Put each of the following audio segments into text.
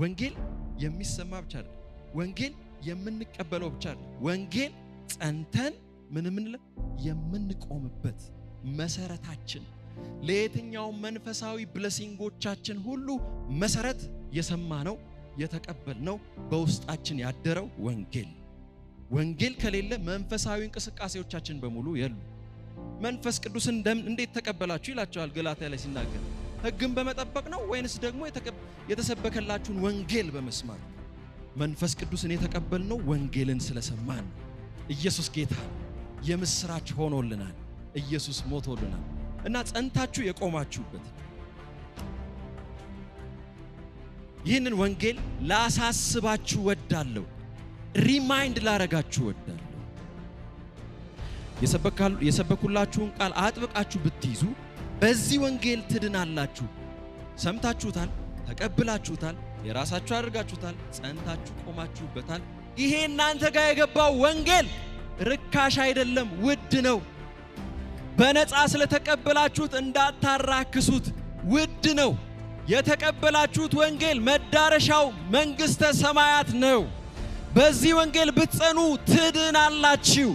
ወንጌል የሚሰማ ብቻ አይደለም፣ ወንጌል የምንቀበለው ብቻ አይደለም። ወንጌል ጸንተን ምን ምንለ የምንቆምበት መሰረታችን፣ ለየትኛው መንፈሳዊ ብለሲንጎቻችን ሁሉ መሰረት የሰማ ነው የተቀበል ነው። በውስጣችን ያደረው ወንጌል። ወንጌል ከሌለ መንፈሳዊ እንቅስቃሴዎቻችን በሙሉ የሉ። መንፈስ ቅዱስን እንዴት ተቀበላችሁ ይላቸዋል ገላትያ ላይ ሲናገር ህግን በመጠበቅ ነው ወይንስ ደግሞ የተሰበከላችሁን ወንጌል በመስማት መንፈስ ቅዱስን የተቀበልነው ወንጌልን ስለሰማን ኢየሱስ ጌታ የምስራች ሆኖልናል። ኢየሱስ ሞቶልናል እና ጸንታችሁ የቆማችሁበት ይህንን ወንጌል ላሳስባችሁ ወዳለሁ፣ ሪማይንድ ላረጋችሁ ወዳለሁ። የሰበኩላችሁን ቃል አጥብቃችሁ ብትይዙ በዚህ ወንጌል ትድናላችሁ። ሰምታችሁታል፣ ተቀብላችሁታል፣ የራሳችሁ አድርጋችሁታል፣ ጸንታችሁ ቆማችሁበታል። ይሄ እናንተ ጋር የገባው ወንጌል ርካሽ አይደለም፣ ውድ ነው። በነፃ ስለተቀበላችሁት እንዳታራክሱት፣ ውድ ነው። የተቀበላችሁት ወንጌል መዳረሻው መንግሥተ ሰማያት ነው። በዚህ ወንጌል ብትጸኑ ትድናላችሁ።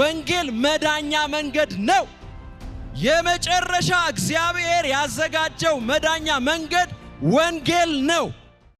ወንጌል መዳኛ መንገድ ነው። የመጨረሻ እግዚአብሔር ያዘጋጀው መዳኛ መንገድ ወንጌል ነው።